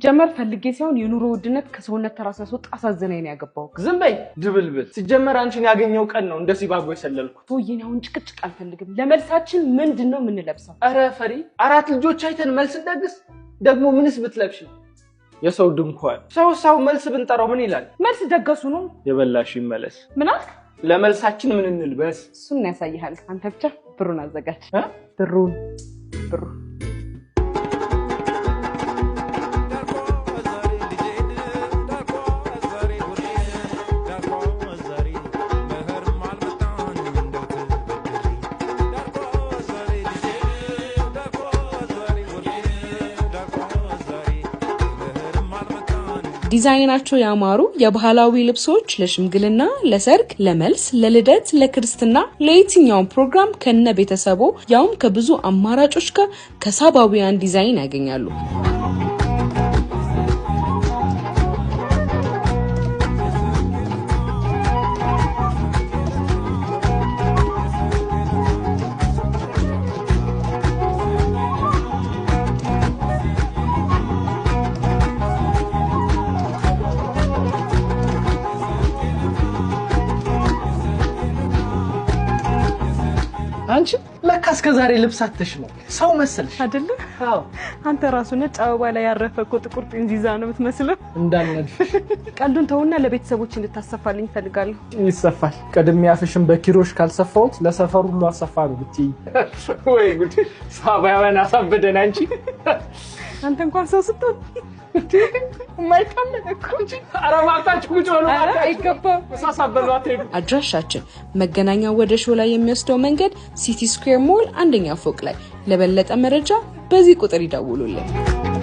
ሲጀመር ፈልጌ ሳይሆን የኑሮ ውድነት ከሰውነት ተራስ ያስወጥ አሳዘነኝ ነው ያገባው። ዝም በይ ድብልብል። ሲጀመር አንቺን ያገኘው ቀን ነው እንደ ሲባጎ የሰለልኩት። ሰውዬን አሁን ጭቅጭቅ አልፈልግም። ለመልሳችን ምንድን ነው የምንለብሰው? ኧረ ፈሪ፣ አራት ልጆች አይተን መልስ እንደግስ። ደግሞ ምንስ ብትለብሽ የሰው ድንኳን። ሰው ሰው መልስ ብንጠራው ምን ይላል? መልስ ደገሱ ነው። የበላሽ ይመለስ። ምን ለመልሳችን ምን እንልበስ? እሱን ያሳይሃል። አንተ ብቻ ብሩን አዘጋጅ። ብሩን ብሩን ዲዛይናቸው ያማሩ የባህላዊ ልብሶች ለሽምግልና፣ ለሰርግ፣ ለመልስ፣ ለልደት፣ ለክርስትና፣ ለየትኛውም ፕሮግራም ከነ ቤተሰቦ ያውም ከብዙ አማራጮች ጋር ከሳባውያን ዲዛይን ያገኛሉ። አንቺ ለካ እስከ ዛሬ ልብስ አትሽ ነው ሰው መሰልሽ አይደለ? አዎ፣ አንተ ራሱ ነጭ አበባ ላይ ያረፈ እኮ ጥቁር ጥንዚዛ ነው የምትመስለው። እንዳልነድ ቀልዱን ተውና ለቤተሰቦች እንድታሰፋልኝ እፈልጋለሁ። ይሰፋል። ቀድሜ አፍሽን በኪሮሽ ካልሰፋሁት ለሰፈሩ ሁሉ አሰፋ ነው ብትይ። ወይ ጉድ! ሳባያውያን አሳበደን አንቺ አንተ እንኳን ሰው ስትሆን አድራሻችን መገናኛ ወደ ሾላ የሚወስደው መንገድ ሲቲ ስኩዌር ሞል አንደኛ ፎቅ ላይ። ለበለጠ መረጃ በዚህ ቁጥር ይደውሉልን።